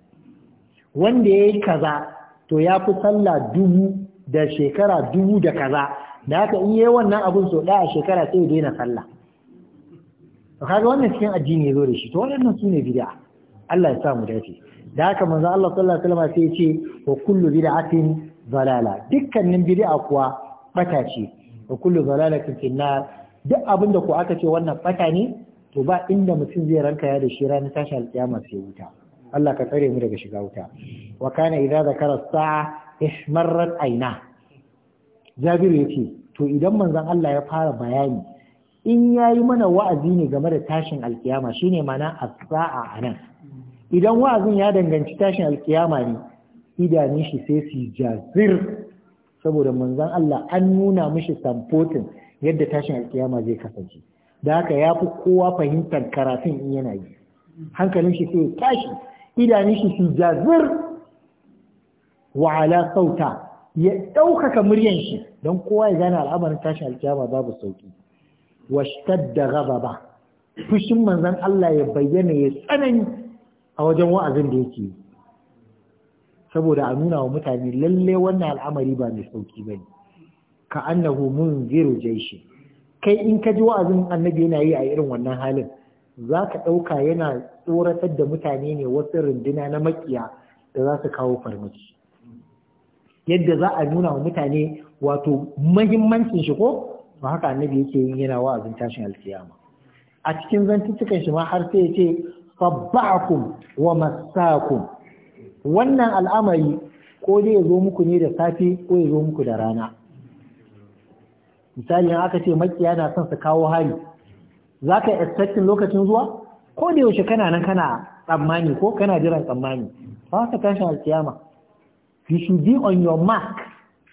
wanda ya yi kaza to ya fi sallah dubu da shekara dubu da kaza da haka in yi wannan abun so ɗaya shekara sai ya daina sallah to kaga wannan cikin addini ya zo da shi to waɗannan su ne bid'a Allah ya sa mu dace da haka manzo Allah sallallahu alaihi wasallam sai ya ce wa kullu bid'atin dalala dukkanin bid'a kuwa bata ce wa kullu dalalatin fi nar duk abin da ku aka ce wannan bata ne to ba inda mutum zai ranka ya da shi ranar tashi alƙiyama sai wuta Allah ka tsare mu daga shiga wuta wa kana idza zakara sa'a ihmarrat aina jabiru ya ce, to idan manzon Allah ya fara bayani in yayi mana wa'azi ne game da tashin alkiyama shine mana Asa'a saa nan. idan wa'azin ya danganci tashin alkiyama ne idanun shi sai su jazir saboda manzon Allah an nuna mishi samfotin yadda tashin alkiyama zai kasance da haka ya fi kowa fahimtar karatun in yana yi hankalin shi sai tashi idanun shi su jazir wa ala sauta ya ɗaukaka muryan shi don kowa ya gane al'amarin tashin alkiyama babu sauki wa shtadda ghadaba fushin manzon Allah ya bayyana ya tsanani a wajen wa'azin da yake saboda a nuna wa mutane lalle wannan al'amari ba mai sauki bane ka annahu munziru jaishi kai in ka ji wa'azin annabi yana yi a irin wannan halin za ka ɗauka yana tsoratar da mutane ne wasu runduna na makiya da za su kawo farmaki yadda za a nuna wa mutane wato mahimmancin shi ko ba haka annabi yake yin yana wa'azin tashin alkiyama a cikin zantuttukan shi ma har sai ya ce wa masakum wannan al'amari ko dai ya zo muku ne da safe ko ya zo muku da rana misali aka ce makiya na son su kawo hari za ka expecting lokacin zuwa ko da yaushe kana nan kana tsammani ko kana jiran tsammani ba ka tashin alkiyama you should be on your mark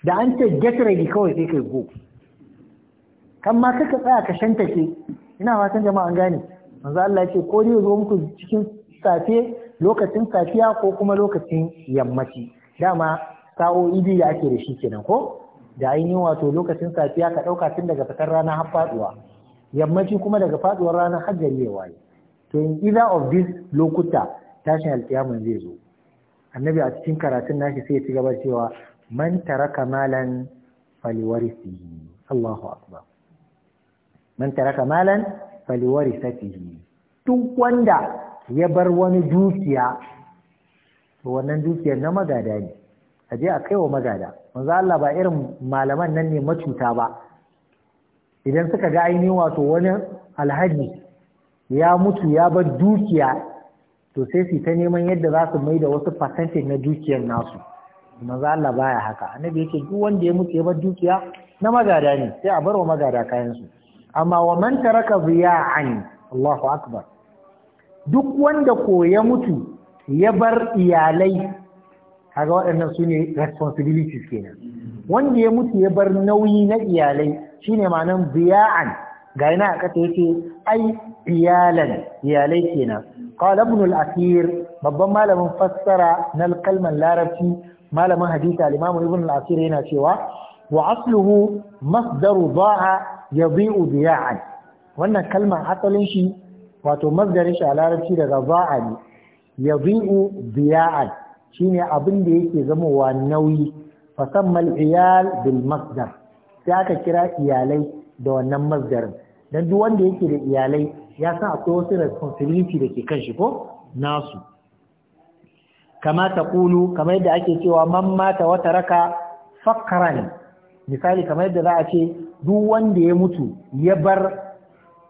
da an ce get ready kawai sai kai go kan ma kaka tsaya ka shanta ke ina fatan jama'an gane manzo Allah ya ce ko dai zo muku cikin safe lokacin safiya ko kuma lokacin yammaci dama sa'o'i biyu da ake da shi kenan ko da ainihin wato lokacin safiya ka ɗauka tun daga fitar rana har faduwa yammaci kuma daga faduwar rana har gari ya waye to in either of these lokuta tashin alƙiyamun zai zo annabi a cikin karatun nashi sai ya ci gaba cewa man taraka malan faliwarisihi Allahu akbar man taraka malan faliwarisatihi duk wanda ya bar wani dukiya to wannan dukiyar na magada ne aje a kaiwa magada manzo Allah ba irin malaman nan ne macuta ba idan suka ga ainihin wato wani alhaji ya mutu ya bar dukiya to sai su ta neman yadda za su mai da wasu fasance na dukiyar nasu maza Allah baya haka annabi yake duk wanda ya mutu ya bar dukiya na magada ne sai a bar wa magada kayan su amma wa man taraka ziya'an Allahu akbar duk wanda ko ya mutu ya bar iyalai kaga waɗannan su ne responsibilities kenan wanda ya mutu ya bar nauyi na iyalai shine ma'anan ziya'an ga yana a kasa yake ai iyalan iyalai kenan qala ibn al-asir babban malamin fassara na kalman larabci malamin hadisi al-imam al-asir yana cewa wa asluhu masdaru dha'a yadhi'u dhiya'an wannan kalman asalin shi wato masdarin shi a larabci daga dha'a ne yadhi'u dhiya'an shine abin da yake zamowa nauyi fasammal iyal bil masdar sai aka kira iyalai da wannan masdarin dan duk wanda yake da iyalai ya san akwai wasu responsibility da ke kan shi ko nasu kama ta kulu kama yadda ake cewa man mata wata raka ne. misali kama yadda za a ce duk wanda ya mutu ya bar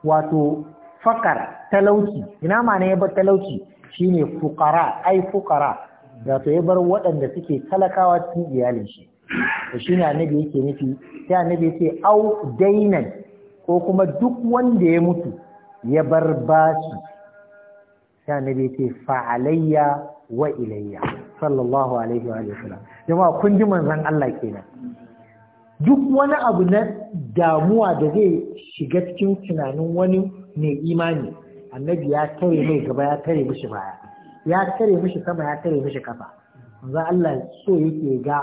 wato fakar talauci ina ma ya bar talauci shine fukara ai fukara wato ya bar waɗanda suke talakawa cikin iyalin shi to shine annabi yake nufi sai annabi yake au dainan ko kuma duk wanda ya mutu ya bar bashi sai bai ce fa'alayya wa ilayya sallallahu alaihi wa sallam jama'a kun ji manzan Allah kenan duk wani abu na damuwa da zai shiga cikin tunanin wani mai imani annabi ya tare mai gaba ya tare mishi baya ya tare mishi sama ya tare mishi kafa manzan Allah so yake ga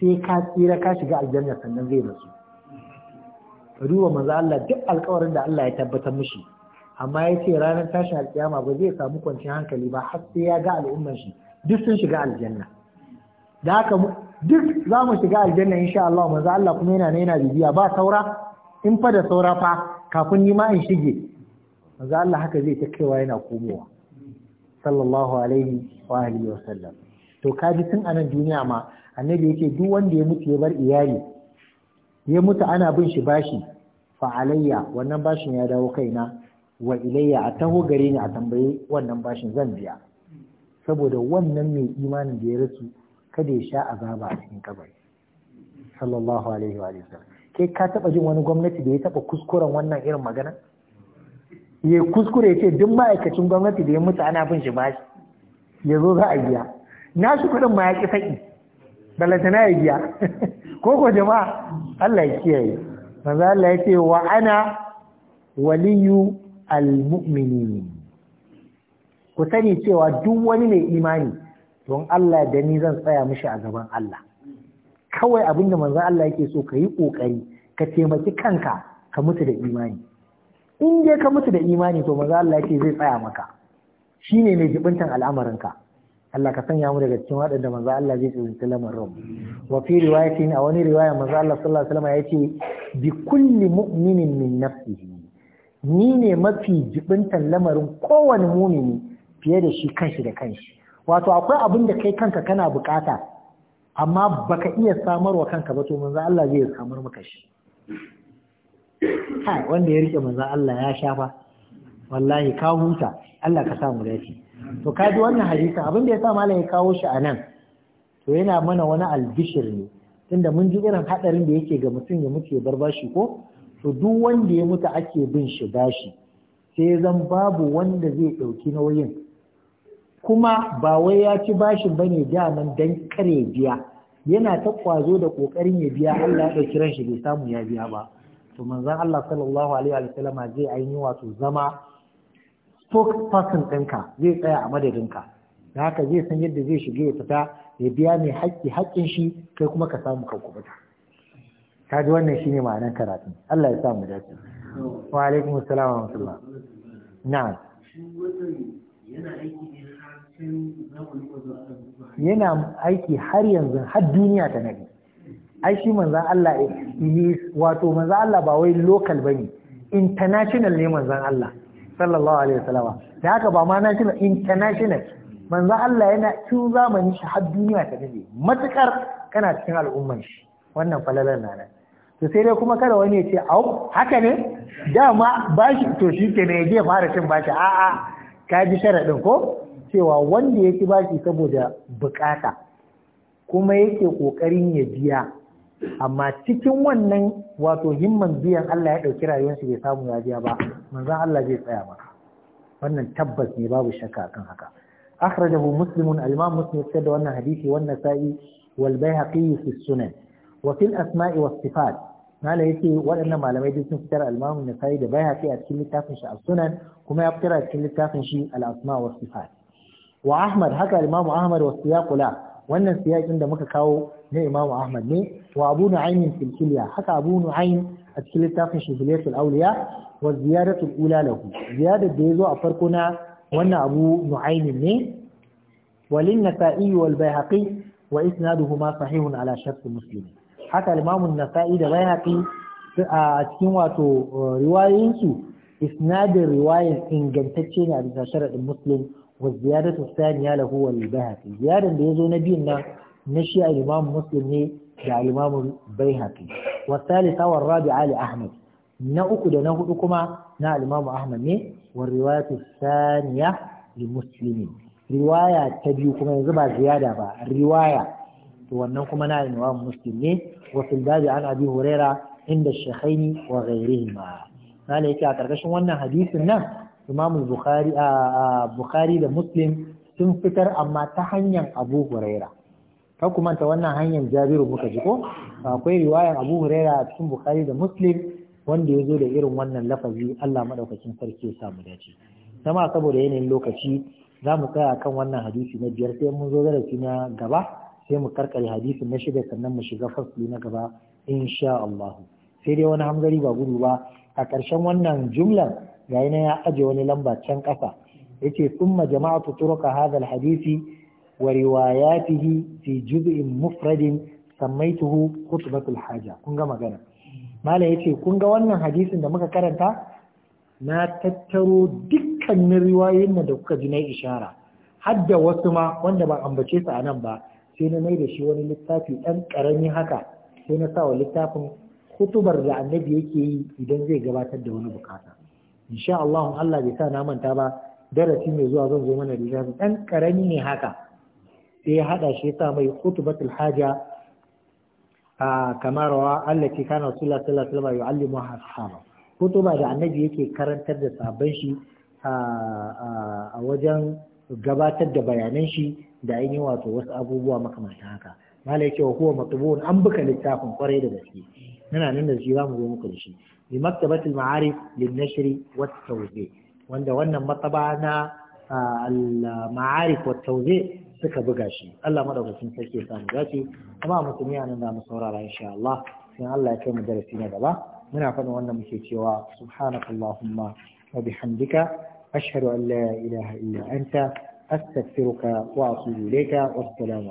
sai ka tsira ka shiga aljanna sannan zai rasu ka duba manzo Allah duk alkawarin da Allah ya tabbatar mishi amma ya ce ranar tashi alkiyama ba zai samu kwanciyar hankali ba har sai ya ga al'ummar shi duk sun shiga aljanna da haka duk za mu shiga aljanna insha Allah manzo Allah kuma yana yana bibiya ba saura in fa da saura fa kafin ni ma in shige manzo Allah haka zai ta kaiwa yana komowa sallallahu alaihi wa alihi wa sallam to kaji tun anan duniya ma annabi yake duk wanda ya mutu ya bar iyali ya mutu ana bin shi bashi fa alayya wannan bashin ya dawo kaina wa ilayya a taho gare ni a tambayi wannan bashin zan biya saboda wannan mai imanin da ya rasu kada ya sha azaba a cikin kabari sallallahu alaihi wa sallam kai ka taba jin wani gwamnati da ya taba kuskuren wannan irin magana ya kuskure ya ce duk ma'aikacin gwamnati da ya mutu ana bin shi bashi ya zo za a biya na shi kuɗin ma ya ƙi faƙi balantana ya biya ko ko jama'a Allah ya kiyaye manzo Allah ya ce wa ana waliyu al-mu'minin ku sani cewa duk wani mai imani don Allah da ni zan tsaya mishi a gaban Allah kawai abin da manzon Allah yake so ka yi kokari ka taimaki kanka ka mutu da imani in dai ka mutu da imani to manzon Allah yake zai tsaya maka shine mai jibintan ka, Allah ka sanya mu daga cikin waɗanda manzo Allah zai lamar lamarin wa fi riwayatin a wani riwaya manzo Allah sallallahu alaihi wasallam yace bi kulli mu'minin min nafsihi ni ne mafi jibintan lamarin kowane mumini fiye da shi kanshi da kanshi wato akwai abin da kai kanka kana bukata amma baka iya samarwa kanka ba to manzo Allah zai samar maka shi ha wanda ya rike manzo Allah ya shafa wallahi ka huta Allah ka samu dace to kaji wannan hadisi abin da ya sa malam ya kawo shi anan, to yana mana wani albishir ne tunda mun ji irin hadarin da yake ga mutum ya mutu ya bar bashi ko to duk wanda ya mutu ake bin shi gashi sai zan babu wanda zai ɗauki nauyin kuma ba wai ya ci bashin bane daman dan kare biya yana ta kwazo da kokarin ya biya Allah ya ɗauki ran shi bai samu ya biya ba to manzon Allah sallallahu alaihi wa sallama zai ainihi wato zama person ɗinka zai tsaya a madadinka da haka zai san yadda zai shiga ya fita ya biya mai haƙƙi haƙƙin shi kai kuma ka samu ka kubuta kaji wannan shine ma'anar karatu Allah ya sa mu dace wa alaikum assalam wa rahmatullah na'am yana aiki har yanzu har duniya ta nabi ai shi manzon Allah wato manzon Allah ba wai local bane international ne manzon Allah sallallahu alaihi wasallam da haka ba ma national international manzon Allah yana tun zamani shi har duniya ta nabi matukar kana cikin al'umman shi wannan falalar na nan to sai dai kuma kada wani ya ce au haka ne dama bashi to shi ke ne ya fara cin bashi a'a ka ji sharaɗin ko cewa wanda ya ci bashi saboda bukata kuma yake ƙoƙarin ya biya amma cikin wannan wato himman biyan Allah ya ɗauki rayuwarsa bai samu ya biya ba manzon Allah zai tsaya ba. wannan tabbas ne babu shakka akan haka akhrajahu muslimun al-imam muslim ya da wannan hadisi wannan sa'i wal bayhaqi fi sunan wa fil asma'i was sifat malai yake waɗannan malamai duk sun fitar al-Imam Nasa'i da Baihaqi a cikin littafin shi as-Sunan kuma ya fitar a cikin littafin shi al-Asma' was sifat wa Ahmad haka al-Imam Ahmad was kula wannan siyakin da muka kawo na Imam Ahmad ne wa Abu Nu'aym fil Kilya haka Abu Nu'aym a cikin littafin shi Hilyatul Awliya wa ziyaratul ula ziyarar da yazo a farko na wannan Abu Nu'aym ne walin Nasa'i wal Baihaqi wa isnaduhuma sahihun ala shart Muslim haka al-imamun nasa'i da bayhaqi a cikin wato uh, riwayoyinsu isnadin riwayan ingantacce ne a bisa sharaɗin muslim wa ziyadatu thaniya lahu wal bayhaqi ziyadan da yazo na biyun nan na shi al-imam muslim ne da al-imam bayhaqi wa thalitha wa rabi'a li ahmad na uku da na hudu kuma na al ahmad ne wa riwayatu thaniya li muslimin riwaya ta biyu kuma yanzu ba ziyada ba riwaya to wannan kuma na imam muslim ne wa fil babi an abi huraira inda shaykhaini wa ghayrihima mala yake a karkashin wannan hadisin nan imam bukhari a bukhari da muslim sun fitar amma ta hanyar abu huraira ka kuma ta wannan hanyar jabiru muka ji ko akwai riwayar abu huraira a cikin bukhari da muslim wanda ya zo da irin wannan lafazi Allah madaukakin sarki ya samu dace sama saboda yanayin lokaci za mu tsaya kan wannan hadisi na biyar sai mun zo darasi na gaba sai mu karkare hadisin na shiga sannan mu shiga fasli na gaba insha Allah sai dai wani hamzari ba gudu ba a ƙarshen wannan jumlar ga yana ya aje wani lamba can ƙasa yace thumma jama'atu turuka hadha alhadisi wa riwayatihi fi juz'in mufradin sammaituhu khutbatul haja kun ga magana malam yace kun ga wannan hadisin da muka karanta na tattaro dukkanin riwayoyin da kuka ji na ishara hadda wasu ma wanda ba ambace su a nan ba sai na mai da shi wani littafi ɗan ƙarami haka sai na sawa littafin hutubar da annabi yake yi idan zai gabatar da wani bukata insha Allah Allah bai sa na manta ba darasi mai zuwa zan zo mana da littafi ɗan ƙarami ne haka sai ya haɗa shi ya sa mai hutubatul haja a kamar wa Allah ke kana Rasulullah sallallahu alaihi wasallam yu'allimu ashaba hutuba da annabi yake karantar da sabon shi a wajen gabatar da bayanan shi da yi wato wasu abubuwa makamantan haka malai cewa huwa matubun an buka littafin kwarai da gaske muna nan da shi za mu zo muku da shi bi maktabatul ma'arif lin nashri wat tawzi wanda wannan mataba na al-ma'arif wat tawzi suka buga shi Allah madaukakin sarki ya samu dace Kuma musulmi nan da mu saurara insha Allah sai Allah ya kai mu darasi na gaba muna faɗin wannan muke cewa subhanakallahumma wa bihamdika ashhadu an la ilaha illa anta astaghfiruka wa atubu ilayka wassalamu